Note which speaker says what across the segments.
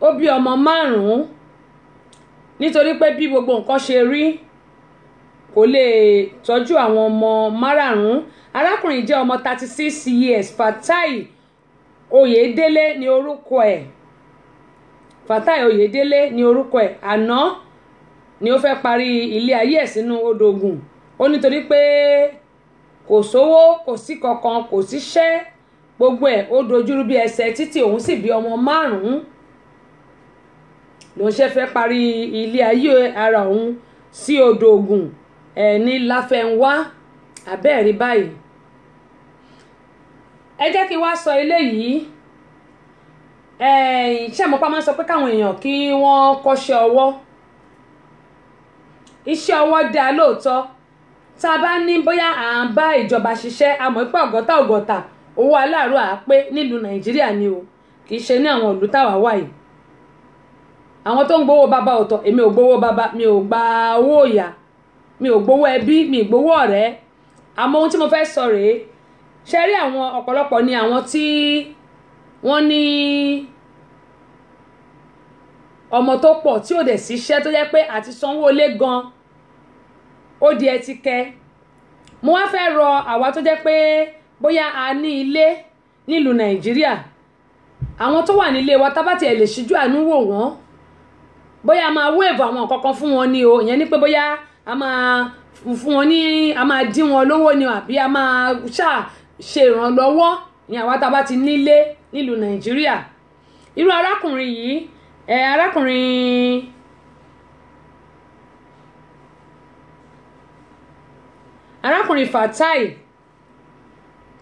Speaker 1: ó bí ọmọ márùn-ún nítorí pé bí gbogbo nǹkan ṣe rí kò lè tọ́jú àwọn ọmọ márààrún arákùnrin jẹ́ ọmọ thirty six years Fatai Oyèdélé ni orúkọ ẹ̀ Fatai Oyèdélé ni orúkọ ẹ̀ àná ni ó fẹ́ parí ilé ayé ẹ̀ sínú odò Ògùn ó nítorí pé kò sówó kò sí kankan kò síṣẹ́ gbogbo ẹ̀ ó dojúrú bí ẹsẹ̀ títí òun sì bí ọmọ márùn-ún lòun ṣe fẹ́ parí ilé ayé ara òun sí odò ògùn ẹ̀ ní láfẹnwá àbẹ́ẹ̀rí báyìí ẹ jẹ́ kí n wá sọ eléyìí iṣẹ́ ìmọ̀pá máa ń sọ pé káwọn èèyàn kí wọ́n kọ́ṣẹ́ ọwọ́ iṣẹ́ ọwọ́ dáa lóòótọ́ tá a bá ní bóyá à ń bá ìjọba ṣiṣẹ́ a mọ̀ pé ọ̀gọ́ta ọ̀gọ́ta owó aláàárọ̀ àápé nílùú nàìjíríà ni o kì í ṣe ní àwọn ìlú táwa wà yìí àwọn tó ń gbowó bàbá ọ̀tọ̀ èmi ò gbowó bàbá mi ò gba owó ìyá mi ò gbowó ẹbí mi ì gbowó ọ̀rẹ́ àmọ́ ohun tí mo fẹ́ sọ rèé ṣe rí àwọn ọ̀pọ̀lọpọ̀ ni àwọn tí wọ́n ní ọmọ tó pọ̀ tí ò dẹ̀ síṣẹ́ tó jẹ́ pé àti sanwó lé gan ó di ẹtikẹ́ mo wá fẹ́ rọ àwa tó jẹ́ pé bóyá a ní ilé nílùú nàìjíríà àwọn tó wà nílé wa tá bá tiẹ̀ lè ṣíjú àánú wò wọ́n bóyá a máa wéèvù àwọn nǹkan fún wọn ni o ìyẹn ni pé bóyá a máa fún wọn ní a máa dín wọn lówó ni àbí a máa ṣáà ṣe ìrànlọ́wọ́ ni àwa tá a bá ti nílé nílùú nàìjíríà irú arákùnrin yìí ẹ arákùnrin arákùnrin Fatai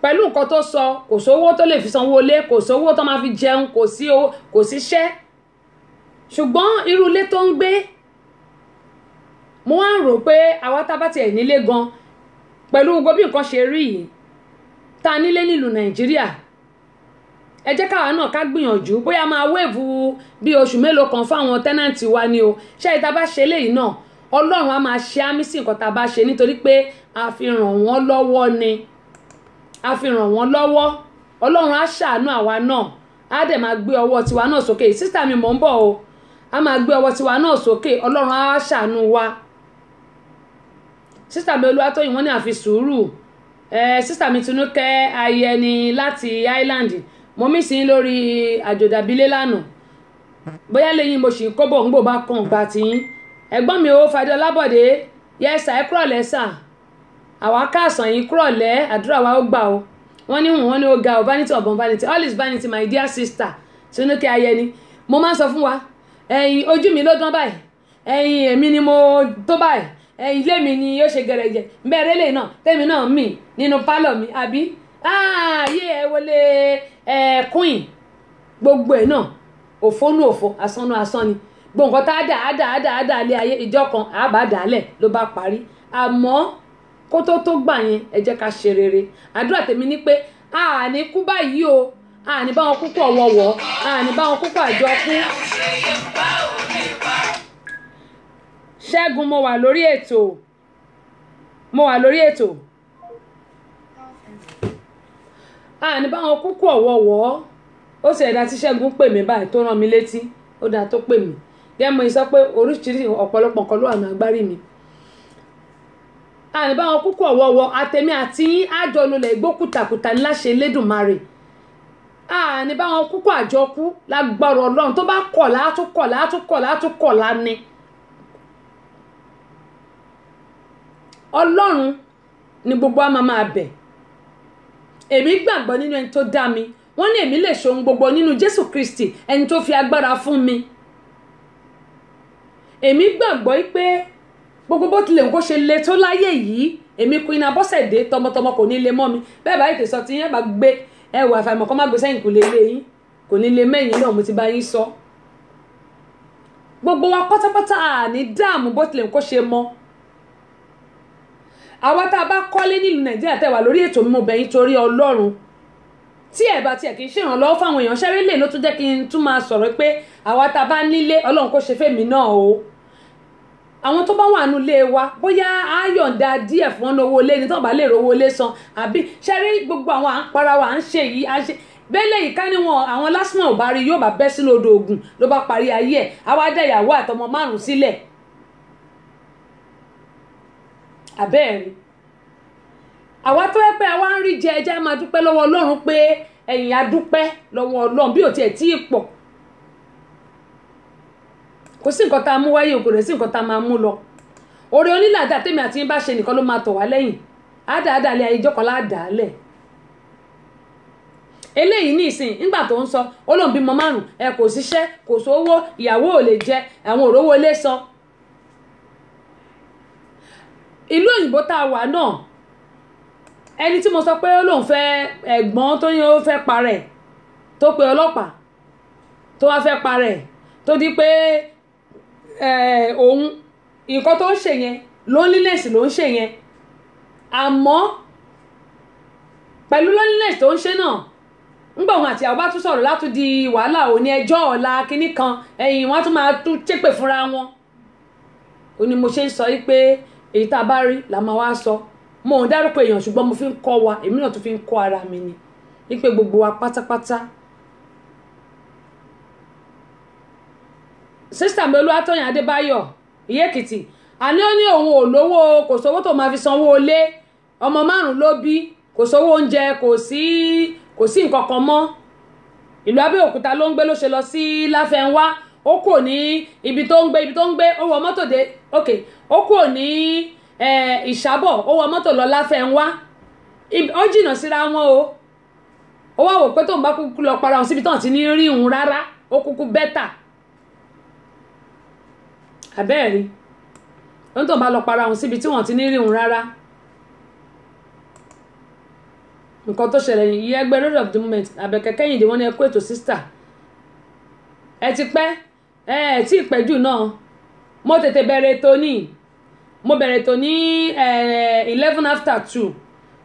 Speaker 1: pẹ̀lú nǹkan tó sọ kò sówó tó lè fi sanwó lé kò sówó tó máa fi jẹun kò sí kò ṣùgbọ́n irú ilé tó ń gbé mo wá ń rò pé àwa tá a bá tiẹ̀ nílé gan pẹ̀lú gbogbo nǹkan ṣe rí yìí tá a nílé nílùú nàìjíríà ẹ jẹ́ káwa náà ká gbìyànjú bóyá máa wéèvù bí oṣù mélòó kan fáwọn tẹ́nàntì wa ni o ṣé ìta bá ṣe eléyìí náà ọlọ́run á máa ṣe àmì sí nǹkan tá a bá ṣe nítorí pé a fi ràn wọ́n lọ́wọ́ ni a fi ràn wọ́n lọ́wọ́ ọlọ́run á ṣàánú àwa náà á dẹ̀ máa gbé ọwọ́ tiwa náà sókè sísá mi mò ń bọ̀ o. a ma gbé ọwọ́ tiwa náà sókè ọlọ́run á ṣàánú wa sísà mi olúwatóyìn wọn ní àfi sùúrù sísà mi tinúkẹ́ ayẹni láti Ireland mo mí sí lórí àjòdàbílé lánàá bóyá lẹ́yìn mo sì ń kóbọ̀ ń bá kàn gbà tiyín ẹ̀gbọ́n mi ò fàdé ọlábọ̀dé yẹsà ẹ sà àwa káàsán yìí àdúrà wa gbà wọ́n ní wọ́n ní ó vanity ọ̀bọ̀n vanity my dear sister tinúkẹ́ ayẹni mo ẹ̀yin ojú mi ló dán báyìí ẹ̀yin èmi ni mo tó báyìí ẹ̀yin ilé mi ni ó ṣe gẹrẹjẹ bẹ́ẹ̀rẹ̀ lè náà tèmi náà mì nínú pálọ̀ mi àbí ààyè ah, ẹ wọlé ẹ queen gbogbo ẹ náà òfó nù òfó asán nù asán ni gbogbo nǹkan tá a dà á dà á dà á dà lé ayé ìjọ kan àbá dàálẹ̀ ló bá parí àmọ́ kó tó tó gbà yẹn ẹ jẹ́ ká ṣe rere àdúrà tèmi ni pé àní kú báyìí o àní bá wọn kúkú ọ̀wọ̀wọ̀ àní bá wọn kúkú àjọkú. ṣẹ́gun mo wà lórí ètò mo wà lórí ètò àní bá wọn kúkú ọ̀wọ̀wọ̀ ó sì ẹ̀dá tí ṣẹ́gun pè mí báyìí tó rán mi létí ó dáa tó pè mí gẹ́gẹ́ mo sọ pé oríṣiríṣi ọ̀pọ̀lọpọ̀ nǹkan ló wà ní agbárí mi àní bá wọn kúkú ọ̀wọ̀wọ̀ àtẹ̀mí àti yín àjọ lulẹ̀ igbó kùtàkùtà ńlá ṣe lédùnmarè àní báwọn kúkú àjọkú lágbára ọlọ́run tó bá kọ̀lá á tún kọ̀lá á tún kọ̀lá á tún kọ̀lá ni. ọlọ́run ni gbogbo a máa máa bẹ̀ èmi gbàgbọ́ nínú ẹni tó dá mi wọ́n ní èmi lè ṣohun gbogbo nínú Jésù Kristi ẹni tó fi agbára fún mi èmi gbàgbọ́ pé gbogbo bó tilẹ̀ nǹkan ṣe le tó láyé yìí èmi Queen Abọ́sẹ̀dé tọmọtọmọ kò ní le mọ́ mi bẹ́ẹ̀ bá ètè ti yẹn bá gbé ẹ wà àfàìmọ̀ kọ́ má gbé sẹ́yìn kò lè lé yín kò ní lè mẹ́yìn náà mo ti bá yín sọ. gbogbo wa pátápátá àní dáàmú bó tilẹ̀ kó ṣe mọ́ àwa tá a bá kọ́lé nílùú nàìjíríà tẹ̀wà lórí ètò mímú bẹ̀yìn torí ọlọ́run tí ẹ̀ bá tiẹ̀ kì í ṣèrànlọ́wọ́ fáwọn èèyàn ṣẹ́rí lè ló tún jẹ́ kí n tún máa sọ̀rọ̀ pé àwa tá a bá nílé ọlọ́run kó ṣe fèmí náà o àwọn tó bá wà nù lé wa bóyá á yọ̀ǹda díẹ̀ fún owó lé ní tó bá lè rówó lé san àbí ṣe rí gbogbo àwọn à ń para wa à ń ṣe yìí à ń ṣe bẹ́lẹ̀ yìí ká níwọ̀n àwọn lásìmọ̀ ò bá rí yóò bá bẹ́ sínú odò ògùn ló bá parí ayé ẹ̀ á wá dá ìyàwó àtọmọ márùn sílẹ̀ àbẹ́ẹ̀rí àwa tó yẹ pé àwa ń rí jẹ ẹjẹ́ máa dúpẹ́ lọ́wọ́ Ọlọ́run pé ẹ̀yìn adúpẹ́ lọ́wọ́ Ọlọ́run bí ò tiẹ̀ tí ì pọ̀ kò sí nǹkan tá a mú wáyé o kò rẹ̀ sí nǹkan tá a máa mú lọ oore onílàdá tèmi àti yín bá ṣe nìkan ló máa tọ̀ wá lẹ́yìn àdáadáalẹ̀ ayéjọ́kọ̀lá àdáalẹ̀ eléyìí ní ìsìn nígbà tó ń sọ ó lóun bímọ márùn ẹ kò síṣẹ́ kò sówó ìyàwó ò lè jẹ àwọn òrówó ilé san ìlú òyìnbó tá a wà náà ẹni tí mo sọ pé ó lóun fẹ́ tó ní ó fẹ́ parẹ́ tó pe ọlọ́pàá tó wá fẹ́ parẹ́ tó di pé òun eh, nǹkan tó ń ṣe yẹn loneliness ló ń ṣe yẹn àmọ́ pẹ̀lú loneliness tó ń ṣe náà ngbà wọn àti àwọn bá tún sọ̀rọ̀ látún di wàhálà òní ẹjọ́ ọ̀la kínní kan ẹ̀yìn wọn tún máa tún ṣépè fúnra wọn ó ní mo ṣe ń sọ yìí pé èyí tá a bá rí la máa wá sọ mo ò dárúkọ èèyàn ṣùgbọ́n mo fi ń kọ́ wa èmi náà tún fi ń kọ́ ara mi ni wípé gbogbo wa pátápátá sista mi olúwatóyìn adébáyọ̀ ìyẹ́kìtì àní ó ní òun ò lówó kò sówó tó máa fi sanwó ilé ọmọ márùn-ún ló bí kò sówó oúnjẹ kò sí kò sí nǹkan kan mọ́ ìlú abẹ́òkúta ló ń gbé ló ṣe lọ sí láfẹ́nwá ó ibi tó ń gbé ibi tó ń gbé ó wọ mọ́tò dé ok ó kò ní ìṣàbọ̀ ó wọ mọ́tò lọ láfẹ́nwá ó jìnnà síra wọn o ó wá wò pé tóun bá kúkú lọ para òun síbi tóun ti ní rí òun rárá ó kúkú bẹ́tà àbẹ́ẹ̀ rí onítọ̀ bá lọ para òun síbi tí wọ́n ti ní rí òun rárá nǹkan tó ṣẹlẹ̀ yìí ẹgbẹ́ lord of the moment àbẹ̀kẹ́kẹ́yìndé wọn ni ẹ kó ètò sísítà ẹ ti pẹ́ ẹ ẹ tí ì pẹ́jù náà mo tètè bẹ̀rẹ̀ ètò ní mo bẹ̀rẹ̀ ètò ní eleven after two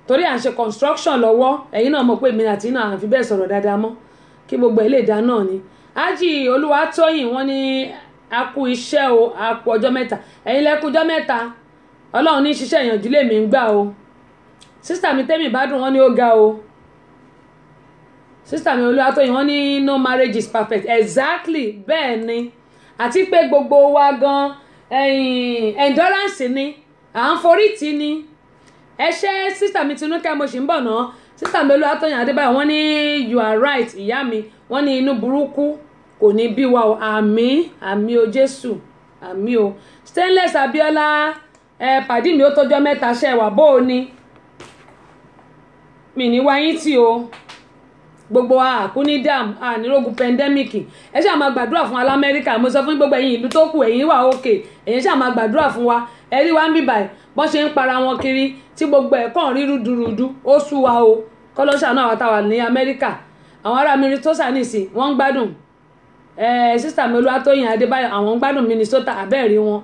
Speaker 1: torí à ń ṣe construction lọ́wọ́ ẹ̀yin náà mọ̀ pé èmi àti iná àfi bẹ́ẹ̀ sọ̀rọ̀ dáadáa mọ́ kí gbogbo ẹ̀ lè dá náà ni ájì olúwatóyìn wọn ni a kú iṣẹ́ o a kú ọjọ́ mẹ́ta ẹ̀yin lẹ́kú ọjọ́ mẹ́ta ọlọ́run ní ṣiṣẹ́ ìyànjú lèmi ń gbà o sísítà mi tẹ́mi ìbádùn wọn ni ó ga o sísítà mi olúwatóyìn wọn ní no marriage is perfect exactly bẹ́ẹ̀ ni àti pé gbogbo wa gan endurance ni à ń forí tì ni ẹ ṣe sísítà mi tinúkẹ́ mo sì ń bọ̀ náà sísítà mi olúwatóyìn adébáyọ̀ wọn ní you are right ìyá mi wọn ní inú burúkú kò ní bí wa o àmín àmín o jésù àmín o stainless abiola ẹ pàdí mi ó tọ́jọ́ mẹ́ta ṣe wà bó o ni mi ní wáyé tí o gbogbo àkúní dam ànírógun pandemic ẹ ṣáà máa gbàdúrà fún alámẹ́ríkà mo sọ fún gbogbo ẹ̀yin ìlú tó kù ẹ̀yin wà òkè ẹ̀yin ṣáà máa gbàdúrà fún wa ẹ rí wa ń bíbàì bọ́n ṣe ń para wọn kiri tí gbogbo ẹ̀ kàn rí rúdurùdu ó sú wa o kọ́lọ́ṣà náà wà táwa ní amẹ́ríkà àwọn ará mi rí tó sà nìsín wọ́n ń gbádùn Eh, sísà mi Olúwatóyìn Adébáyọ̀ àwọn gbádùn Minnesota abẹ́ẹ̀rí wọn.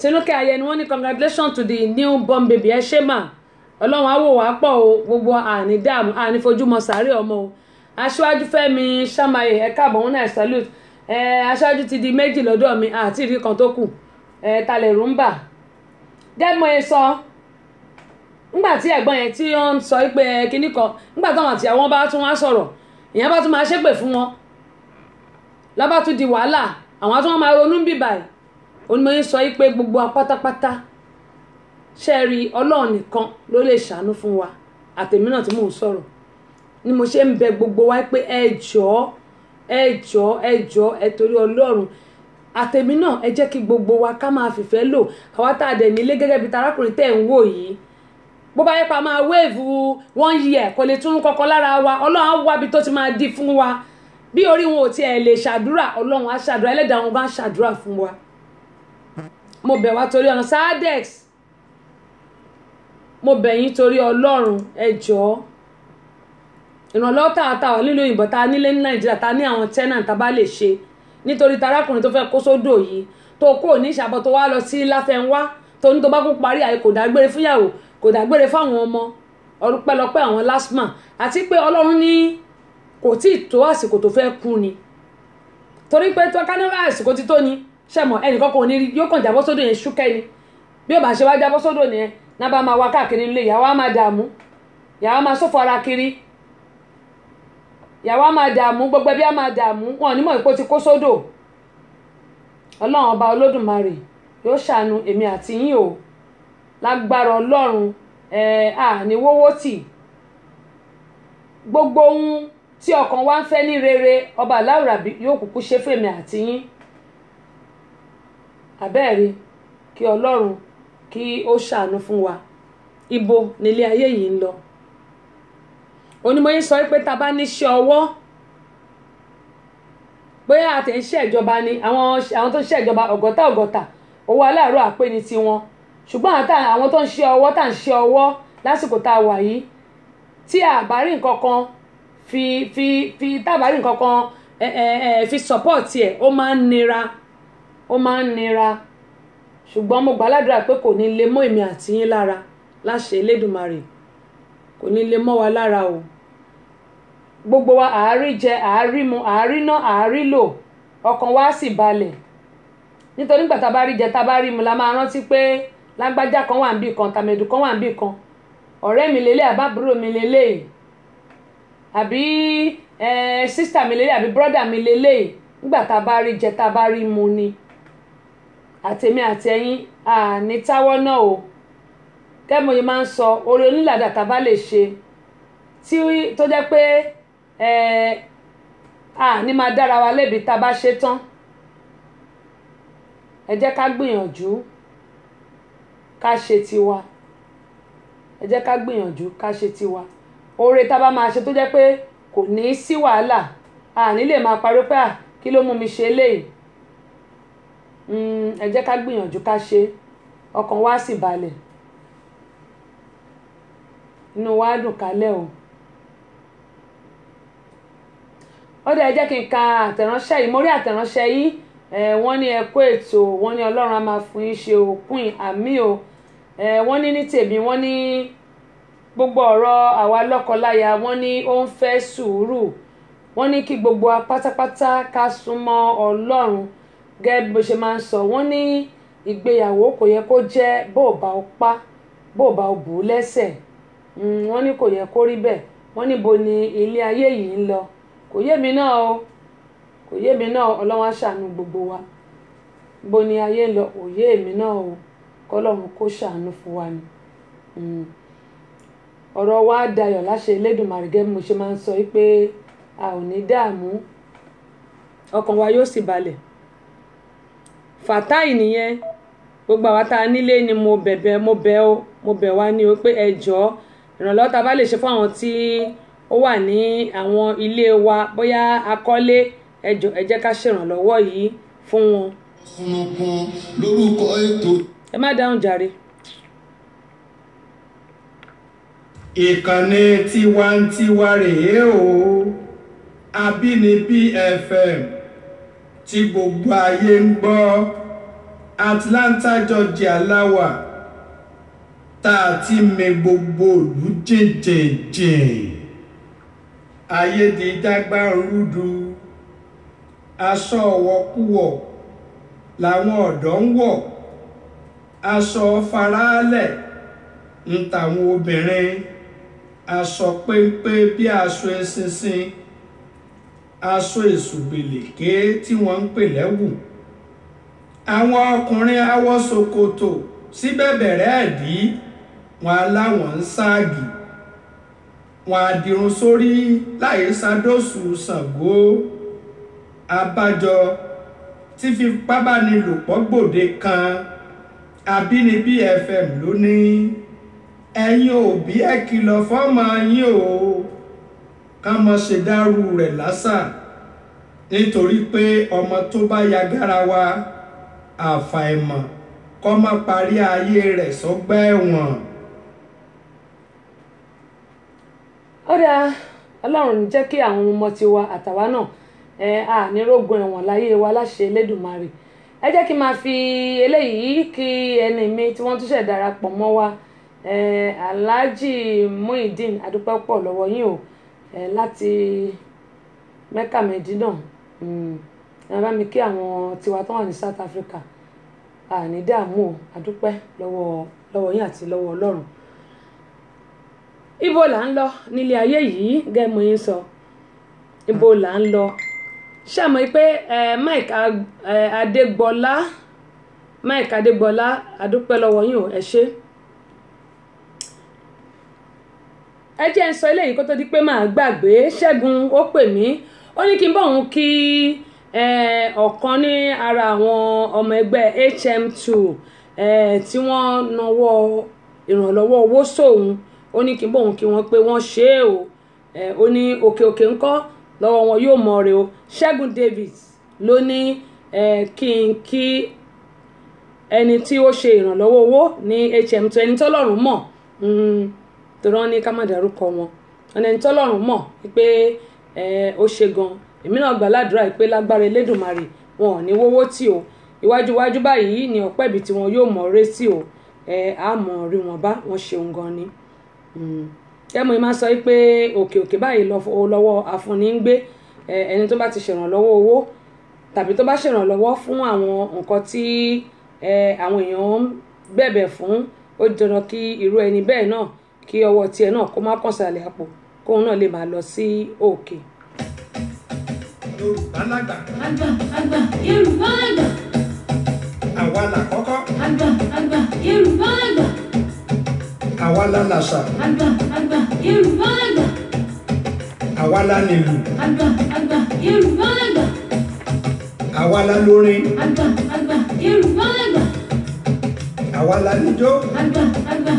Speaker 1: Tinúkẹ́ ayẹ ni wọ́n ní congratulations to the new born baby ẹ ṣé mà ọlọ́run á wò wá pọ̀ o gbogbo àní dààmú àní fojúmọ́ sàárẹ̀ ọmọ o aṣáájú Fẹ́mi Ṣàmáyé ẹ káàbọ̀ wọn náà salute ẹ eh, aṣáájú ti di méjì lọ́dọ̀ mi àti ìrí kan tó kù ẹ eh, talẹ̀ rúmbà dẹ́mọ̀ ẹ sọ ńgbà tí ẹ̀gbọ́n yẹn tí wọ́n sọ pé kinní kan ńgbà táwọn àtìyàwó bá tún wá sọ̀rọ̀ ìyẹn bá tún máa ṣépè fún wọn lábá tún di wàhálà àwọn àti wọn máa ronú bí báyìí onímọ̀yìn sọ pé gbogbo apátápátá ṣe rí ọlọ́run nìkan ló lè ṣàánú fún wa àtẹ̀mí tí mò sọ̀rọ̀ ni mo ṣe ń gbogbo wa pé ẹ ẹ ẹ ẹ torí gbogbo wa ká máa fìfẹ́ lò àwa tá a dẹ̀ nílé gẹ́gẹ́ bó bá yẹ pa máa wéèvù one year kò lè tún kọ́kọ́ lára wa ọlọ́run á wábi tó ti máa di fún wa bí orí wọn ò tiẹ̀ lè ṣàdúrà ọlọ́run á ṣàdúrà ẹlẹ́dàá wọn bá ń ṣàdúrà fún wa mo bẹ̀ wá torí ọ̀nà sadex mo bẹ̀ yín torí ọlọ́run ẹ jọ̀ọ́ ìrànlọ́wọ́ tààtà wà nílùú òyìnbó ta nílé ní nàìjíríà ta ní àwọn tenant ta bá lè ṣe nítorí tarákùnrin tó fẹ́ kó sódò yìí tó kúrò ní ìṣàbọ̀ tó wá lọ sí láfẹ́ńwá tó ní tó bá kún parí àyè dágbére fúyàwó kò dágbére fáwọn ọmọ ọpẹ́lọpẹ́ àwọn LASTMA àti pé Ọlọ́run ní kò tí ì tó àsìkò tó fẹ́ kú ni torí pé tó kánáwá àsìkò ti tó ni ṣẹmọ ẹnìkan kò ní rí yóò kàn jábọ́ sódò yẹn ṣúkẹ́ ni bí ó bá ṣe wá jábọ́ sódò yẹn nábà máa wá káàkiri nílé ìyàwó á máa dààmú ìyàwó á máa ṣòfò ara kiri ìyàwó á máa dààmú gbogbo ẹbí á máa dààmú wọn ò ní mọ̀ pé ó ti kó sódò Ọlọ́run ọba Olódùmarè yóò ṣàánú èmi àti yín o lágbára ọlọ́run àní wọ́wọ́ tì gbogbo ohun tí ọkàn wa ń fẹ́ ní rere ọba aláwùrábí yóò kúkú ṣe fèmí àti yín àbẹ́ẹ̀rí kí ọlọ́run kí ó ṣàánú fún wa ibo nílé ayé yìí ń lọ onímọ̀yé sọ pé tá a bá níṣẹ́ ọwọ́ bóyá àtẹ̀ńṣẹ́ ìjọba ni àwọn tó ń ṣe ìjọba ọ̀gọ́ta ọ̀gọ́ta owó aláàárọ̀ àpé ni tiwọn ṣùgbọ́n àwọn tó ń ṣe ọwọ́ tá à ń ṣe ọwọ́ lásìkò tá a wà yìí tí àbárí nǹkan fi fi fi tábàárí nǹkan kan ẹ ẹ ẹ fi support ẹ ó máa ń nira ó máa ń nira ṣùgbọ́n mo gbàládùra pé kò ní lè mọ́ èmi àti yín lára láṣẹ Elédùmarè kò ní lè mọ́ wa lára o gbogbo wa àárí jẹ àárí mu àárí ná àárí lò ọkàn wa sì balẹ̀ nítorí gbàtà bá rí jẹ tá mu la máa rántí pé lágbájá kan wà níbì kan tàmẹ̀dù kan wà níbì kan ọ̀rẹ́ mi lélẹ̀ àbábúrò mi lélẹ̀ àbí sísítà mi lélẹ̀ àbí brọ́dà mi lélẹ̀ nígbà tá a bá rí jẹ tá a bá rí mu ni àtèmi àtẹ̀yìn àní táwọ́ náà o kẹ́mi yìí máa ń sọ oore onílàdà tá a bá lè ṣe tí tó jẹ́ pé àní máa dára wa lébi tá a bá ṣe tán ẹ jẹ́ ká gbìyànjú ká ṣe tiwa ẹ jẹ́ ká gbìyànjú ká ṣe tiwa oore tá a bá máa ṣe tó jẹ́ pé kò ní í sí wàhálà àní lè máa parọ́ pé à kí ló mú mi ṣe eléyìí hmm, ẹ jẹ́ ká gbìyànjú ká ṣe ọkàn wa sì balẹ̀ inú wa dùn kálẹ̀ o ó dẹ̀ ẹ jẹ́ kí n ka àtẹ̀ránṣẹ́ yìí mo rí àtẹ̀ránṣẹ́ yìí wọ́n ní ẹ kó ètò wọ́n ní ọlọ́run á máa fún yín ṣe òkun àmì o. Eh, wọ́n ní ní tèmi wọ́n ní gbogbo ọ̀rọ̀ àwa lọ́kọláya wọ́n ní ó ń fẹ́ sùúrù wọ́n ní kí gbogbo wa pátápátá ká súnmọ́ ọlọ́run gẹ́gẹ́ bó ṣe máa ń sọ wọ́n ní ìgbéyàwó kò yẹ kó jẹ́ bó bá o pa bó bá o bù ú lẹ́sẹ̀ hmm, wọ́n ní kò yẹ kó rí bẹ́ẹ̀ wọ́n níbo ni ilé ayé yìí ń lọ kò yé mi náà o kò yé mi náà ọlọ́wọ́n aṣàánú gbogbo wa bó ni ayé ń lọ kò yé mi náà o kọ́lọ́run kó ṣàánú fún wa ni hmm. ọ̀rọ̀ wa dayọ̀ láṣẹ Elédùmarè gẹ́gẹ́ mo ṣe máa ń sọ pé a ò ní dààmú ọkàn wa yóò sì balẹ̀ Fatai nìyẹn gbogbo àwa tá a nílé ni mo bẹ̀bẹ̀ mo bẹ̀ o mo bẹ̀ wá ní o pé ẹ jọ̀ọ́ ìrànlọ́wọ́ tá a bá lè ṣe fún àwọn tí ó wà ní àwọn ilé wa bóyá akọ́lé ẹ jọ̀ọ́ ká ṣèrànlọ́wọ́ yìí fún wọn.
Speaker 2: lórúkọ ètò
Speaker 1: ẹ má dáhùn jàre.
Speaker 2: ìkànnì tiwantiwa rèé o Àbínibí FM tí gbogbo ayé ń gbọ́ Atlanta Georgia láwà tá a ti mẹ gbogbo ìlú jìnjìnjìn ayédèédágbà rúdu aṣọ ọwọ́kúwọ̀ làwọn ọ̀dọ́ ń wọ̀ aṣọ faraalẹ̀ ń tàwọn obìnrin aṣọ péńpé bí aṣọ ẹṣinṣin aṣọ èṣùgbèlèké tí wọ́n ń pè lẹ́wù àwọn ọkùnrin awọ ṣòkòtò sí bẹ̀bẹ̀rẹ̀ ẹ̀dí wọn aláwọ̀n ń ságì wọn àdìrún sórí láyé sadóṣù Ṣàngó abájọ tí fipábánilòpọ̀ gbòde kan. Àbínibí FM ló ní ẹ̀yin òbí ẹ kìlọ̀ fọ́mọ yín o ká má ṣe dárú rẹ̀ lásà nítorí pé ọmọ tó bá ya gára wa àfàìmọ̀ kọ́ má parí ayé rẹ̀ sọ́gbà ẹ̀wọ̀n.
Speaker 1: ó dáa ọlọ́run jẹ́ kí àwọn ọmọ tiwa àtàwa náà ẹ̀ à ní láyé wa láṣẹ Elédùmarè ẹ jẹ́ kí n máa fi eléyìí kí ẹni mi tí wọ́n tún ṣẹ̀ darapọ̀ mọ́ wa alhaji muhyiddin adúpẹ́ pọ̀ lọ́wọ́ yín o láti mẹ́kà mẹ́dínà hmm, ẹ bá mi kí àwọn tiwa tó wà ní South Africa àní dààmú o adúpẹ́ lọ́wọ́ lọ́wọ́ yín àti lọ́wọ́ ọlọ́run ibo là ń lọ nílé ayé yìí gẹ́gẹ́ mo yín sọ ibo là ń lọ ṣàmọ́ pé Mike Adégbọlá Mike Adégbọlá àdúpẹ́ lọ́wọ́ yín o ẹ ṣé ẹ jẹ́ ń sọ eléyìí kó tó di pé màá gbàgbé Ṣẹ́gun ó pè mí ó ní kí n bọ̀ òun kí ọ̀kan ní ara àwọn ọmọ ẹgbẹ́ HM2 tí wọ́n nawọ́ ìrànlọ́wọ́ owó sóun ó ní kí n bọ̀ òun kí wọ́n pé wọ́n ṣe é o ó ní òkè òkè ńkọ́ lọ́wọ́ wọn yóò mọ̀ rẹ̀ o Ṣẹ́gun Davis ló ní kí n kí ẹni tí ó ṣe ìrànlọ́wọ́ owó ní HM tó ẹni tọ́lọ́run mọ̀ mm, torí wọ́n ní ká má dárúkọ wọn ẹni tọ́lọ́run mọ̀ pé ó ṣe gan èmi náà gbà ládùúrà pé lágbára Elédùmarè wọn ò ní wọ́wọ́ tì o iwájúwájú báyìí ni ọ̀pẹ́ ibi tí wọn yóò mọ̀ ọ́ rẹ́ sí o ẹ̀ á mọ̀ rí wọn bá wọn ṣeun gan ni. Mm ẹmọ yìí máa sọ pé òkè òkè báyìí lọ́wọ́ àfúnni ń gbé ẹni tó bá ti ṣèrànlọ́wọ́ owó tàbí tó bá ṣèrànlọ́wọ́ fún àwọn nǹkan tí àwọn èèyàn ń bẹ̀bẹ̀ fún ó dandan kí irú ẹni bẹ́ẹ̀ náà kí ọwọ́ tiẹ̀ náà kó má kàn sàlẹ̀ àpò kóun náà lè máa lọ sí òkè.
Speaker 2: Yorùbá àgbà àgbà Yorùbá lágbà. àwa làkọ́kọ́.
Speaker 1: àgbà àgbà Yorùbá lágbà
Speaker 2: àwa la làṣà.
Speaker 1: àgbà àgbà Yorùbá Agba,
Speaker 2: àwa la nílù.
Speaker 1: àgbà àgbà Yorùbá agba,
Speaker 2: àwa la lórin.
Speaker 1: àgbà àgbà agba, àgbà.
Speaker 2: àwa la níjó.
Speaker 1: àgbà àgbà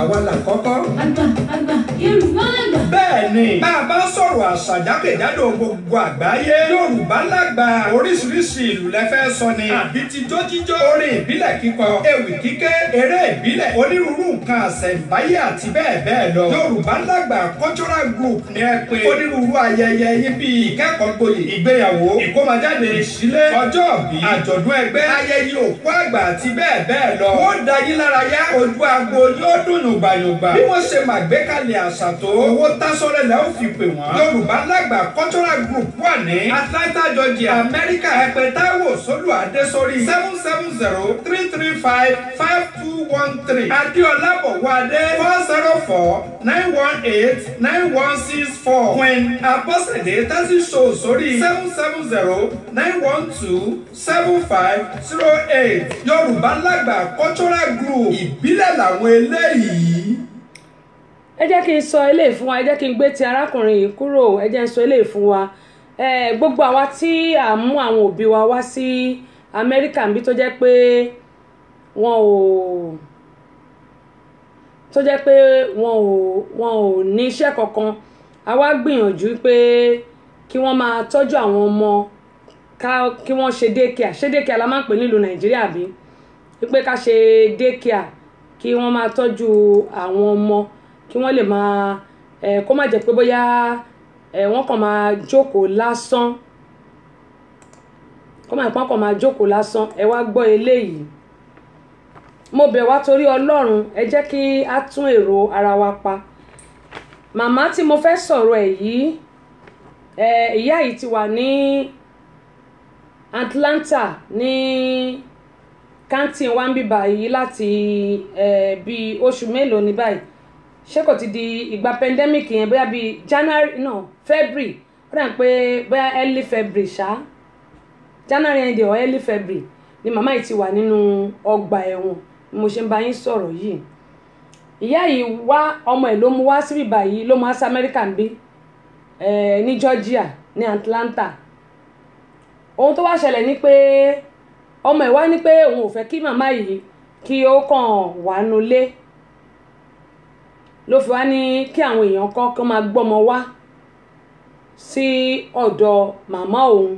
Speaker 2: àwa là kọ́kọ́. àgbà àgbà Yorùbá àgbà. bẹ́ẹ̀ni bá a bá sọ̀rọ̀ àṣà jákèjádò gbogbo àgbáyé Yorùbá lágbà oríṣiríṣi ìlú lẹ fẹ́ sọ ni àbí tijójíjó orin ìbílẹ̀ kíkọ ewì kíké eré ìbílẹ̀ onírúurú nǹkan àṣẹ̀ǹbáyé àti bẹ́ẹ̀ bẹ́ẹ̀ lọ Yorùbá lágbà cultural group ni ẹ pé onírúurú ayẹyẹ yín bíi ìkẹ́kọ̀ọ́ gboyè ìgbéyàwó ìkómọjáde ìṣílé ọjọ́ ìbí àjọ̀dún ẹgbẹ́ ayẹyẹ òkú àgbà àti bẹ́ẹ̀ bẹ́ẹ̀ lùgbàlùgbà bí wọ́n ṣe màgbékalẹ̀ àṣà tó owó tásọ́rẹ́ lẹ́ fi pè wọ́n yorùbá lágbà cultural group wà ní atlanta georgia amẹ́ríkà ẹ̀pẹ́ táíwò sólù adésórí seven seven zero three three five five two one three adéọlá bọ̀wádé four zero four nine one eight nine one six four queen abọ́sẹ̀dé tásí show sórí seven seven zero nine one two seven five zero eight yorùbá lágbà cultural group ìbílẹ̀ làwọn eléyìí
Speaker 1: ẹ jẹ́ kí n sọ eléyìí fún wa ẹ jẹ́ kí n gbé ti arákùnrin yìí kúrò ẹ jẹ́ n sọ eléyìí fún wa gbogbo àwa tí à ń mú àwọn òbí wa wá sí amẹ́ríkà níbi tó jẹ́ pé wọn ò tó jẹ́ pé wọn ò wọn ò ní iṣẹ́ kankan a wá gbìyànjú pé kí wọ́n máa tọ́jú àwọn ọmọ kí wọ́n ṣe daycare ṣe daycare la máa ń pè nílùú nàìjíríà bí wípé ká ṣe daycare kí wọ́n máa tọ́jú àwọn ọmọ kí wọ́n lè máa kó má jẹ́ pé bóyá wọ́n kàn máa jókòó lásán kó má jẹ́ pé wọ́n kàn máa jókòó lásán ẹ wá gbọ́ eléyìí mo bẹ̀ wá torí ọlọ́run ẹ jẹ́ kí a tún èrò ara wa pa màmá tí mo fẹ́ sọ̀rọ̀ ẹ̀ yìí ìyá yìí ti wà ní Atlanta ní kantin wa ń bíbà yìí láti bíi oṣù mélòó ní báyìí ṣé kò ti di ìgbà pandemic yẹn bóyá bíi january no february ó dà pé bóyá early february ṣá january end or early february ni màmá yìí ti wà nínú ọgbà ẹ̀wọ̀n ni mo ṣe ń bá yín sọ̀rọ̀ yìí ìyá yìí wá ọmọ ẹ̀ ló mu wá síbí báyìí ló mu wá sí amẹ́ríkà ń bí ní georgia ní atlanta ohun tó wá ṣẹlẹ̀ ni pé ọmọ ẹ̀ wá ní pé òun ò fẹ́ kí màmá yìí kí ó kàn wà nulẹ̀ ló fi wá ní kí àwọn èèyàn kọ́ kán máa gbọ́mọ wá sí ọ̀dọ̀ màmá òun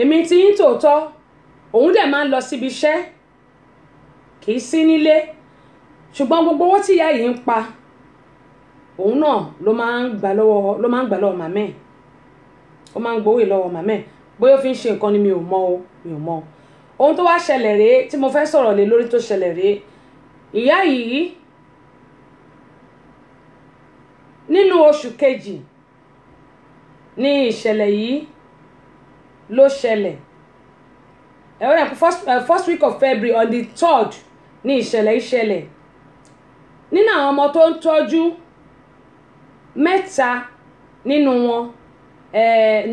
Speaker 1: èmi ti yín tòótọ́ òun dẹ̀ máa ń lọ síbi iṣẹ́ kì í sí nílé ṣùgbọ́n gbogbo owó tí ìyá yìí ń pa òun náà ló máa ń gbà lọ́wọ́ ló máa ń gbà lọ́wọ́ màmẹ́ ó máa ń gbowó ìlọ́wọ́ màmẹ́ bóyá ó fi ń ṣe nǹkan ni mi ò mọ o mi ò mọ ohun tó wá ṣẹlẹ̀ rèé tí mo fẹ́ sọ̀rọ̀ lé lórí tó ṣẹlẹ̀ rèé ìyá yìí nínú oṣù kejì ni ìṣẹ̀lẹ̀ yìí ló ṣẹlẹ̀ ẹ̀rọ ẹ̀kú first week of February on the third ni ìṣẹ̀lẹ̀ ìṣẹ̀lẹ̀ nínú àwọn ọmọ tó ń tọ́jú mẹ́ta nínú wọn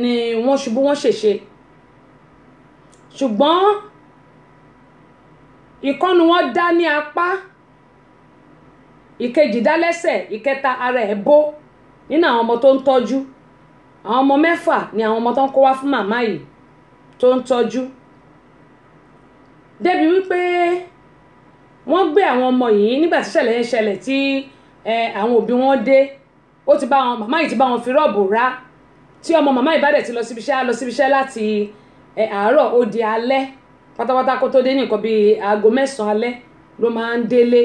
Speaker 1: ni wọ́n ṣubú wọ́n ṣèṣe ṣùgbọ́n ìkọ́nu wọn dá ní apá ìkejì dá lẹ́sẹ̀ ìkẹta ara ẹ̀ bó nínú àwọn ọmọ tó ń tọ́jú àwọn ọmọ mẹ́fà ni àwọn ọmọ tó ń kó wá fún màmá yìí tó ń tọ́jú débi wípé wọ́n gbé àwọn ọmọ yìí nígbà tí ìṣẹ̀lẹ̀ yẹn ṣẹlẹ̀ tí àwọn òbí wọn dé ó ti bá àwọn màmá yìí ti bá wọn fi rọ́ọ̀bù rá tí ọmọ màmá yìí bá dẹ̀ ti lọ síbi iṣẹ́ lọ síbi iṣẹ́ láti àárọ̀ ó di alẹ́ pátápátá kó tó dé ní nǹkan bíi aago mẹ́sàn-án alẹ́ ló máa ń délé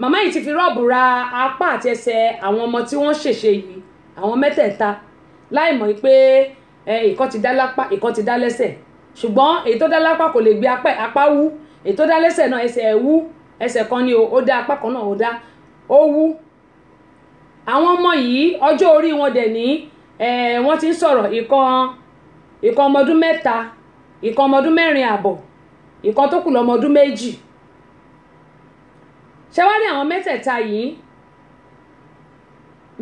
Speaker 1: màmá yìí ti fi rọ́ọ̀bù ra apá àti ẹsẹ̀ àwọn ọmọ tí wọ́n ṣèṣe yìí àwọn mẹ́tẹ̀ẹ̀ta láì mọ̀ pé ìkan ti dá lápá ìkan ti dá lẹ́sẹ̀ ṣùgbọ́n èyí tó dá lápá kò lè gbé apá apá wú èyí tó dá lẹ́sẹ̀ náà ẹsẹ̀ wú ẹsẹ̀ kan ni ó dá apá kan náà ó dá ó wú. àwọn ọmọ yìí ọjọ́ orí wọn dẹ̀ ní wọ́n ti ń sọ̀rọ̀ ìkan ìkan ọmọdún mẹ́ta ìkan ọmọdún mẹ́rin àbọ̀ ìkan tó kù lọ́mọdún méjì ṣé wá rí àwọn mẹ́tẹ̀ẹ̀ta yìí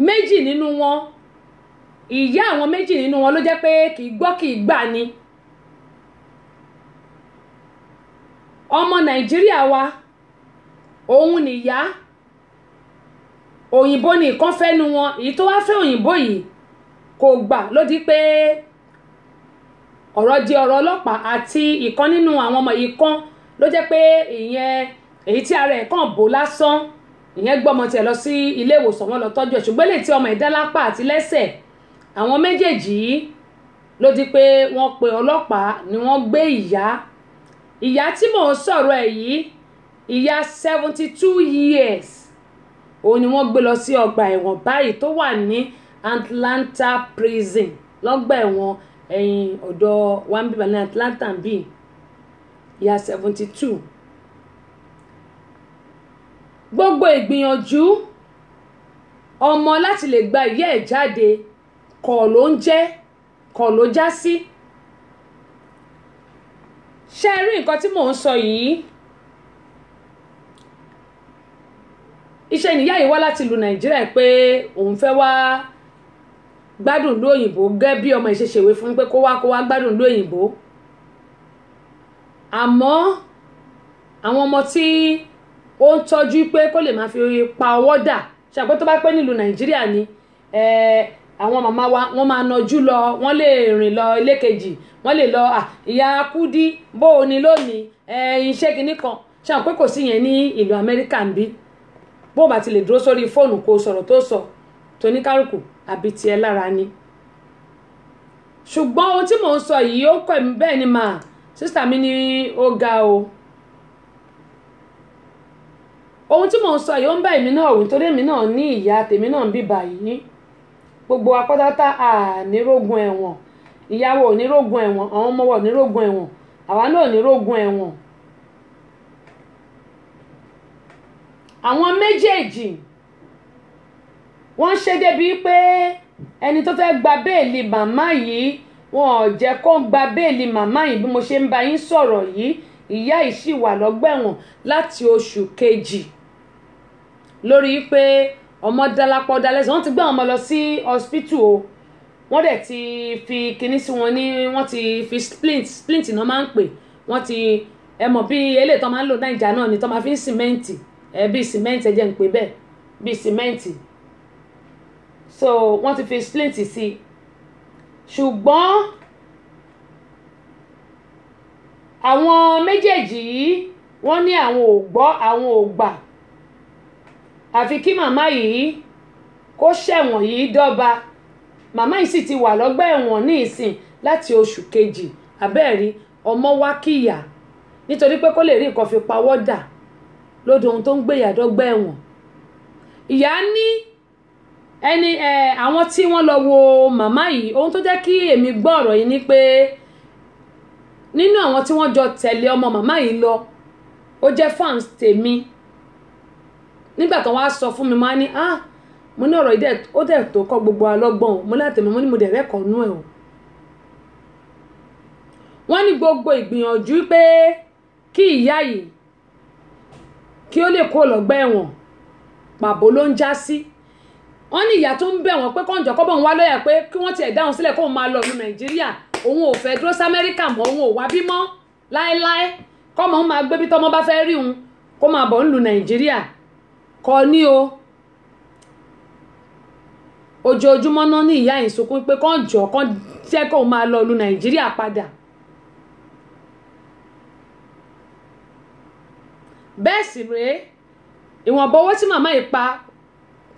Speaker 1: méjì nínú wọn ìyá àwọn méjì nínú wọn ló jẹ́ pé kì í gbọ́ kì í gbà ni ọmọ nàìjíríà wa òun nìyá òyìnbó ni ìkan fẹ́nu wọn èyí tó wá fẹ́ òyìnbó yìí kò gbà ló di pé ọ̀rọ̀ di ọ̀rọ̀ ọlọ́pàá àti ìkan nínú àwọn ọmọ yìí kan ló jẹ́ pé ìyẹn èyí tí ara ẹ̀ kàn bò lásán ìyẹn gbọ́mọ tiẹ̀ lọ sí ilé ìwòsàn wọn lọ tọ́jú ẹ̀ ṣùgbọ́n lè tí ọmọ ìdá lápá àti lẹ́sẹ̀ àwọn méjèèjì yìí ló di pé wọ́n pe ọlọ́pàá ni wọ́n gbé ìyá ìyá tí mò ń sọ̀rọ̀ ẹ̀ yìí ìyá seventy two years òun ni wọ́n gbé lọ sí ọgbà ẹ̀wọ̀n báyìí tó wà ní Atlanta prison lọ́gbà ẹ̀wọ̀n ẹ̀yìn ọ̀dọ̀ wambibalẹ̀ Atlanta bíi ìyá seventy two gbogbo ìgbìyànjú ọmọ láti lè gba ìyá ẹ̀ jáde kọ̀ ló ń jẹ́ kọ̀ ló já sí ṣe rí nǹkan tí mò ń sọ yìí iṣẹ́ níyà yìí wá láti ìlú nàìjíríà pé òun fẹ́ wá gbádùn ìlú òyìnbó gẹ́ bí ọmọ ìṣeṣèwé fún pé kó wá kó wá gbádùn ìlú òyìnbó àmọ́ àwọn ọmọ tí. Ti ó ń tọ́jú pé kó lè máa fi pa ọwọ́ dà ṣàpẹ́ tó bá pẹ́ nílùú nàìjíríà ni àwọn màmá wa wọ́n máa nọjú lọ wọ́n lè rìn lọ ilé kejì wọ́n lè lọ ìyá kúdí bó o ní lónìí iṣẹ́ kinní kan ṣàpẹ́ kò sí yẹn ní ìlú amẹ́ríkà ń bí bó o bá ti lè dúró sórí fóònù kó o sọ̀rọ̀ tó sọ toníkálùkù àbí tiẹ̀ lára ni ṣùgbọ́n ohun tí mò ń sọ yìí ó kọ̀ bẹ́ẹ̀ ni màá sísà mi ni ó ga o ohun tí mò ń sọ yìí ó ń bá èmi náà wí torí èmi náà ní ìyá tèmi náà ń bí báyìí gbogbo apátátá ànírógun ẹ̀wọ̀n ìyàwó onírógun ẹ̀wọ̀n àwọn ọmọ wọn onírógun ẹ̀wọ̀n àwa náà onírógun ẹ̀wọ̀n. àwọn méjèèjì wọ́n ṣe débi pé ẹni tó fẹ́ gba béèlì màmá yìí wọn ò jẹ́ kó gba béèlì màmá yìí bí mo ṣe ń bá yín sọ̀rọ̀ yìí ìyá yìí wà lọ́gbẹ̀wọ̀n láti oṣù kejì lórí pé ọmọ dálápọ̀ dálẹ́sẹ̀ wọ́n ti gbé ọmọ lọ sí hospital o wọ́n dẹ̀ ti fi kinní sí wọn ní wọ́n ti fi splint splint náà máa ń pè wọ́n ti ẹ mọ̀ bí eléyìí tó máa ń lò náìjà náà ni tó máa fi ń cement. ẹ bí sìmẹ́ǹtì ẹ jẹ́ ń pè bẹ́ẹ̀ bí sìmẹ́ǹtì so wọ́n ti fi splint sí ṣùgbọ́n àwọn méjèèjì yìí wọ́n ní àwọn ò gbọ́ àwọn ò gbà àfi kí màmá yìí kó ṣẹ̀wọ̀n yìí dọ́ba màmá yìí sì ti wà lọ́gbà ẹ̀wọ̀n ní ìsìn láti oṣù kejì abẹ́ẹ̀rí ọmọ wá kíyà nítorí pé kó lè rí nǹkan fi pawọ́ dà lódò ohun tó ń gbéyà dọ́gbà ẹ̀wọ̀n ìyá ní ẹni ẹ àwọn tí wọ́n lọ wo màmá yìí ohun tó jẹ́ kí èmi gbọ́ ọ̀rọ̀ yìí ni pé nínú àwọn tí wọ́n jọ tẹ̀lé ọmọ màmá yìí lọ ó jẹ́ fans tèmi nígbà tó wá sọ fún mi máa ní ah mo ní ọ̀rọ̀ yìí ó dẹ̀ tó kọ́ gbogbo alọ́gbọ́n o mo látẹ̀mí mo ní mo dẹ̀ rẹ́kọ̀ọ́ nú ẹ̀ o. wọ́n ní gbogbo ìgbìyànjú pé kí ìyá yìí kí ó lè kó lọ́gbà ẹ̀wọ̀n pàbó ló ń já sí wọ́n ní ìyá tó ń bẹ̀ wọ́n pé kọ́ńjọ́ kọ́ bọ̀ ń wá lọ́yà pé kí wọ́n tiẹ̀ dáhùn sílẹ̀ kóun máa lọ ìlú nàìjíríà òun ò fẹ́ dúró sí mọ́ òun ò wá bímọ láéláé kọ́mọ ń máa gbébí tọ́mọ bá fẹ́ rí òun kó máa bọ̀ ń lu nàìjíríà kọ ní o ojoojúmọ́ náà ní ìyá yìí sunkún pé kán jọ kán jẹ́ kóun máa lọ lu nàìjíríà padà bẹ́ẹ̀ sì rèé ìwọ̀nba owó tí màmá yìí pa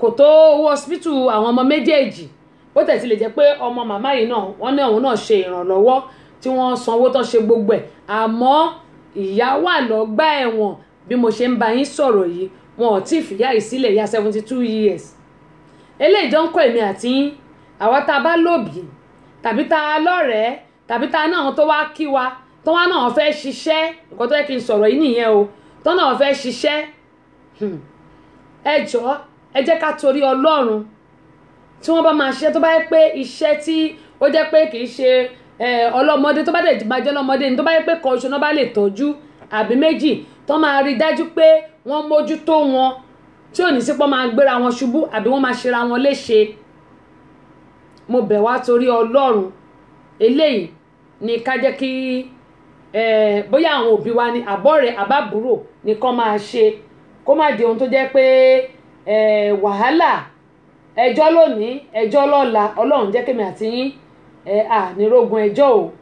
Speaker 1: kò tó owó hospital àwọn ọmọ méjèèjì bó tẹ̀ ti lè jẹ́ pé ọmọ màmá yìí náà wọ́n ní òun náà ṣe ìrànlọ́wọ́ tí wọ́n sanwó tán ṣe gbogbo ẹ̀ àmọ́ ìyá wà lọ́gbà ẹ̀wọ̀n bí mo ṣe ń bá yín sọ̀rọ̀ yìí wọn ò tí ì fìyà yìí sílẹ̀ ya seventy two years eléyìí jọ ń kọ́ èmi àti yín àwa tá a bá lòbí tàbí tá a lọ́rẹ̀ẹ́ tàbí tá a náà tó wá kí wa tó wá náà fẹ́ ṣiṣẹ́ nǹkan tó yẹ kí n sọ̀rọ̀ yìí nìyẹn o tó náà fẹ́ ṣiṣẹ́ hmm. ẹ jọ ẹ jẹ́ ká torí ọlọ́run tí wọ́n bá máa ṣiṣẹ́ tó bá yẹ pé iṣẹ́ tí ó jẹ́ pé kì í ṣe ọlọ́mọdé tó bá dẹ̀ máa jẹ́ ọlọ́mọdé ni tó bá yẹ pé kan oṣù náà bá lè tọ́jú àbí méjì tó máa rí dájú pé wọ́n mójútó wọn tí ò ní sípò máa gbéra wọn ṣubú àbí wọ́n máa ṣera wọn léṣe mo bẹ̀ wá torí ọlọ́run eléyìí ni ká jẹ́ kí bóyá àwọn òbí wa ni àbọ̀rẹ̀ àbábúrò nìkan máa ṣe kó má di ohun tó jẹ́ pé wàhálà ẹjọ́ lónìí ẹjọ́ lọ́la ọlọ́run jẹ́ kémi àti yín ànírógun ẹjọ́ o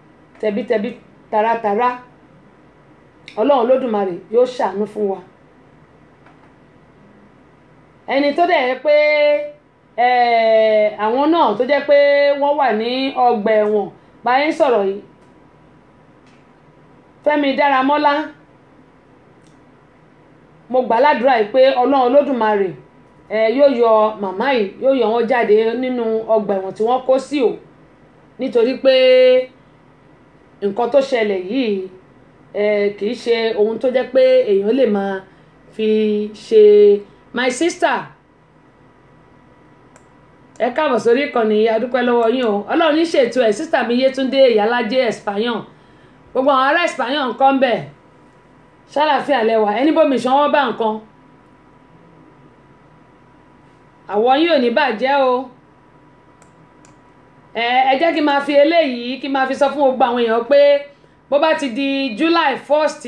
Speaker 1: tẹ̀bítẹ̀bí taratara ọlọ́run lódùmarè yóò ṣàánú fún wa ẹni tó dẹ̀ pé àwọn náà tó jẹ́ pé wọ́n wà ní ọgbà ẹ̀wọ̀n báyìí sọ̀rọ̀ yìí Fẹ́mi Dáramọ́lá mo gbà ládùúrà yìí pé Ọlọ́run Olódùmarè ẹ yóò yọ màmá yìí yóò yọ wọn jáde nínú ọgbà ẹ̀wọ̀n tí wọ́n kó sí o nítorí pé nǹkan tó ṣẹlẹ̀ yìí ẹ kì í ṣe ohun tó jẹ́ pé èèyàn lè máa fi ṣe my sister ẹ káàbọ̀ sórí ìkànnì adúpẹ́ lọ́wọ́ yín o ọlọ́run ní ṣètò ẹ̀ sísítà mi yétúndé ìyálájé espayan gbogbo àwọn ará espayan nǹkan ń bẹ̀ ṣàlàfíà lẹ́wà ẹni bómi ìṣàn wọn bá nǹkan àwọ̀ yín ò ní bàjẹ́ o ẹ jẹ́ kí n máa fi eléyìí kí n máa fi sọ fún gbogbo àwọn èèyàn pé bó bá ti di July 1st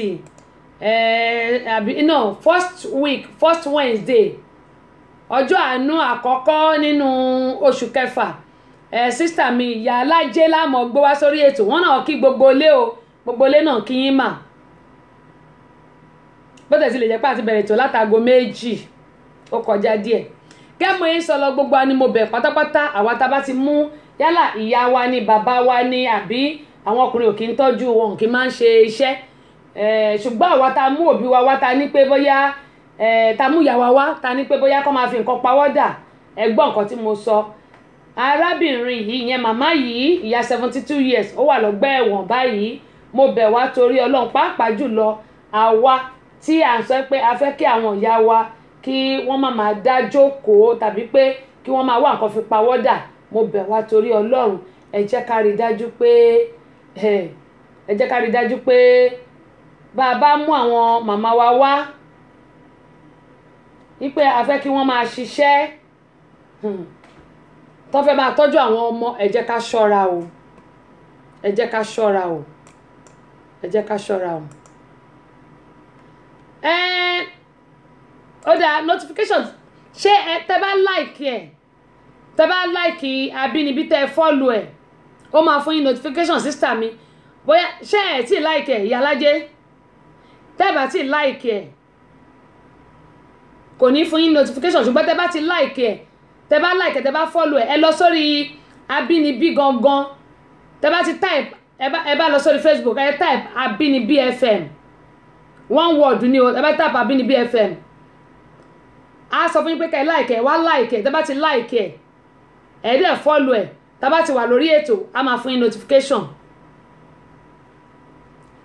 Speaker 1: àbí eh, no first week first wednesday ọjọ́ àánú àkọ́kọ́ nínú oṣù kẹfà eh, sísítà mi ìyá alájẹ láàmú gbé wá sórí ètò wọn náà kí gbogbo ilé o gbogbo ilé náà kí yín mà bó tẹ̀sí lè jẹ́ pé àti bẹ̀rẹ̀ ètò látago méjì ó kọjá díẹ̀ kẹ́mu yín sọ lọ gbogbo ni mo bẹ̀ pátápátá àwa tá a bá ti mú yálà ìyá wa ni bàbá wa ni àbí àwọn ọkùnrin ò kí ń tọ́jú wọn kì í máa ń ṣe iṣẹ́ Eh, ṣùgbọ́n àwa ta mú òbí wa wá ta ní pé bóyá eh, ta mú ìyá wa ta ní pé bóyá kó máa fi nǹkan pawọ́ dà ẹ gbọ́ nǹkan tí mo sọ arábìnrin yìí ìyẹn màmá yìí ìyá seventy two years ó wà lọ́gbà ẹ̀wọ̀n báyìí mo bẹ̀ wá torí ọlọ́run pàápàá jùlọ àwa tí à ń sọ pé a fẹ́ kí àwọn ìyá wa kí wọ́n má máa dá jókòó tàbí pé kí wọ́n máa wá nǹkan fi pawọ́ dà mo bẹ̀ wá torí ọlọ́run ẹ jẹ́ ká rí dájú pé eh, ẹ jẹ́ ká rí dájú pé bá a bá mú àwọn màmá wa wá wípé a fẹ́ kí wọ́n máa ṣiṣẹ́ hmm. tó fẹ́ máa tọ́jú àwọn ọmọ ẹ jẹ́ ká ṣọ́ra o ẹ jẹ́ ká ṣọ́ra o ẹ ká ṣọ́ra o. ó dáa notification ṣé ẹ tẹ bá like ẹ tẹ bá like Abínibí tẹ follow ẹ ó máa fún yín notification sister mi bóyá ṣé ẹ tí like ẹ Ìyá Lájẹ́ tẹ́ ti like ẹ̀ kò ní fún yín notification ṣùgbọ́n tẹ́ bá ti like ẹ̀ tẹ́ bá like ẹ̀ tẹ́ bá follow ẹ̀ ẹ lọ sórí abínibí gangan tẹ́ bá ti type ẹ bá lọ sórí Facebook ẹ type abínibí fm one word ni o ẹ bá type abínibí fm a sọ fún yín pé ká ẹ like ẹ wá like ẹ tẹ́ ti like ẹ ẹ dẹ̀ follow ẹ tẹ́ bá ti wà lórí ètò a máa fún yín notification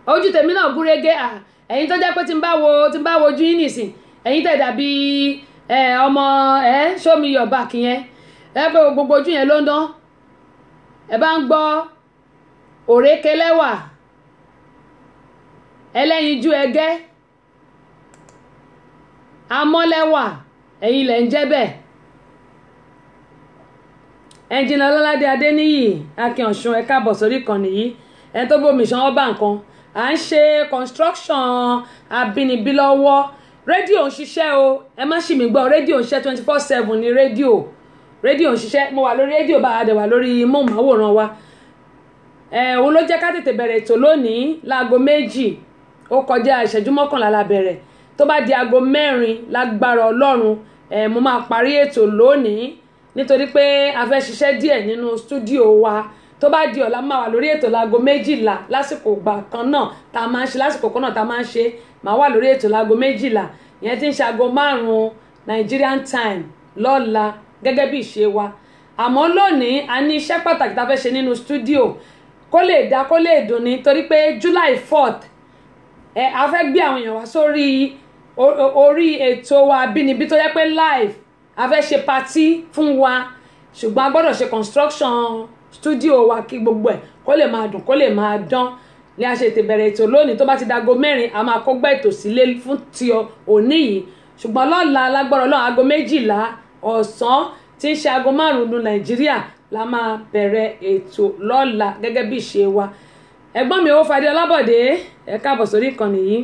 Speaker 1: ojú tèmi náà gúrégé à ẹ̀yin tó jẹ́ pé tí n bá wo tí n bá wo ojú yín nìsín ẹ̀yin tẹ̀ dàbí ọmọ ẹ show me your back yẹn ẹ pé gbogbo ojú yẹn ló ń dán ẹ bá ń gbọ́ òrékelẹ́wà ẹlẹ́yinjú ẹgẹ́ amọ́lẹ́wà ẹ̀yin lẹ̀ ń jẹ́ bẹ́ẹ̀ ẹnjìnà ọlọ́ládé adéníyì akínọ̀sùn ẹ̀ka bọ̀ sórí kan nìyí ẹ tó bómi ṣan ọba nǹkan à ń ṣe construction abínibí lọ́wọ́ rédíò ń ṣiṣẹ́ o ẹ má ṣì mí gbọ́ rédíò ń ṣiṣẹ́ twenty four seven ni rédíò rédíò ń ṣiṣẹ́ mo wà lórí rédíò bá a dẹ̀ wà lórí móhùnmáwòrán wa òun ló jẹ́ ká tètè bẹ̀rẹ̀ ètò lónìí láago méjì ó kọjá ìṣẹ́jú mọ́kànlá la bẹ̀rẹ̀ tó bá di aago mẹ́rin lágbára ọlọ́run eh, mo máa parí ètò lónìí nítorí pé a fẹ́ ṣiṣẹ́ díẹ̀ nínú stúdíò wa tó bá di ọ̀la máa wà lórí ètò láago méjìlá lásìkò ìgbà kan náà tá a máa ń ṣe lásìkò kan náà tá a máa ń ṣe máa wà lórí ètò láago méjìlá ìyẹn ti ń ṣaago márùn-ún Nigerian time lọ́la gẹ́gẹ́ bí ìṣe wa àmọ́ lónìí a ní iṣẹ́ pàtàkì tá a fẹ́ ṣe nínú stúdíò kó lè dá kó lè dùn ní torí pé July 4th ẹ a fẹ́ gbé àwọn èèyàn wá sórí orí ètò wa abínibí tó yẹ pé live a fẹ́ ṣe patí fún wa ṣùgbọ́n a gbọ́dọ̀ ṣe construction Studio wa kí gbogbo ẹ̀ kó lè máa dùn kó lè máa dán ní a ṣe ti bẹ̀rẹ̀ ètò lónìí tó bá ti dago mẹ́rin a máa kọ́gbẹ́ ètò sílé fún ti òní yìí ṣùgbọ́n lọ́la lágbára Ọlọ́run aago méjìlá ọ̀sán tí ń ṣe aago márùn-ún nu Nàìjíríà la máa bẹ̀rẹ̀ ètò lọ́la gẹ́gẹ́ bí ìṣe wa ẹ̀gbọ́n mi Owófadé Ọlábọ̀dé ẹ káàbọ̀ sórí ìkànnì yìí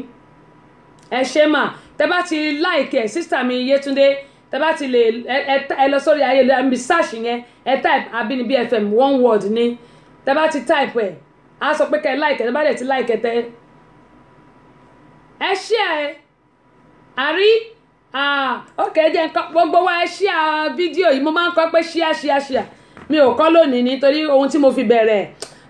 Speaker 1: ẹ ṣe mà tẹ́ bá ti láìkẹ́ sísítà mi Yétúndé tẹ bá ti lè ẹ ẹ lọ sórí ayélujára níbi search yẹn ẹ type abínibí fm one word ni tẹ ti type ẹ á sọ pé kẹ like ẹ tẹ bá dẹ̀ ti like ẹ tẹ ẹ share ẹ àrí okay jẹ́ nǹkan gbogbo wa ẹ share fídíò yìí mo máa ń kọ́ pé share share share mi ò kọ́ lónìí nítorí ohun tí mo fi bẹ̀rẹ̀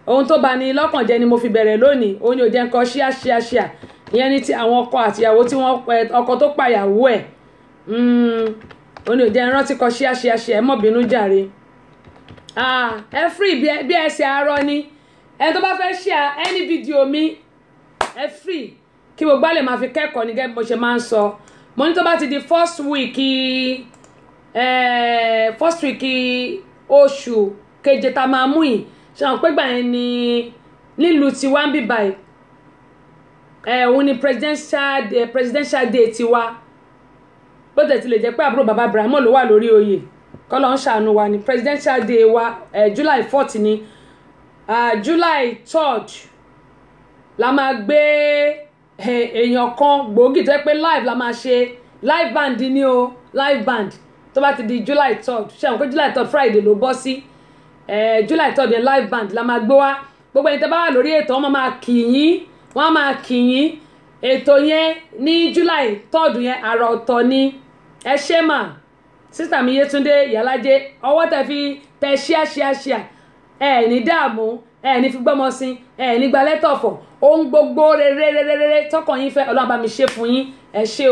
Speaker 1: ohun tó bá ní lọ́kàn jẹ́ ni mo fi bẹ̀rẹ̀ lónìí òun ni ò jẹ́ nǹkan share share share ìyẹn ni ti àwọn ọkọ àtìyàwó tí wọ́n ọkọ tó pàyàwó ẹ̀ òní ò jẹ́ rántí kọ ṣíà ṣíà ṣíà ẹ mọ̀ bínú jàre ah, ẹ free bí ẹ ṣe arọ ni ẹ tó bá fẹ́ ṣíà any video mi ẹ free kí gbogbo àlè máa fi kẹ́kọ̀ọ́ ní gẹ́gẹ́ bí ṣe máa ń sọ mo ní tó bá ti di first week first week oṣù keje tá a máa mú yìí ṣe àwọn pẹ́gbà yẹn ni nílùú ti wá ń bì báyìí òun ni presidential day eh, presidential day tiwa bó tẹ̀ ti lè jẹ́ pé àbúrò bàbá Abraham ló wà lórí oyè kọ́lọ́ ń ṣàánú wa ni presidential day wa eh, July fourth ni uh, July third la máa gbé eh, èèyàn kan gbòógì tó yẹ pé live la máa ṣe live band ni o live band tó bá ti di July third ṣe àwọn pé July third Friday ló bọ́ sí eh, July third yẹn live band la máa gbé wá gbogbo ẹni tẹ́ bá wà lórí ètò wọn máa kì yín wọn máa kì yín ètò yẹn ní july tọ́ọ̀dù yẹn àrà ọ̀tọ̀ ni ẹ ṣé mà sísà mi yétúndé yàlájẹ ọwọ́ tẹ fi tẹ ṣíà ṣíà ṣíà ẹ ní dààmú ẹ ní fi gbọ́mọ sí ẹ ní gbalẹ́tọ̀fọ̀ ohun gbogbo rere rere rere tọkàn yín fẹ́ ọlọ́run bá mi ṣe fún yín ẹ ṣé o.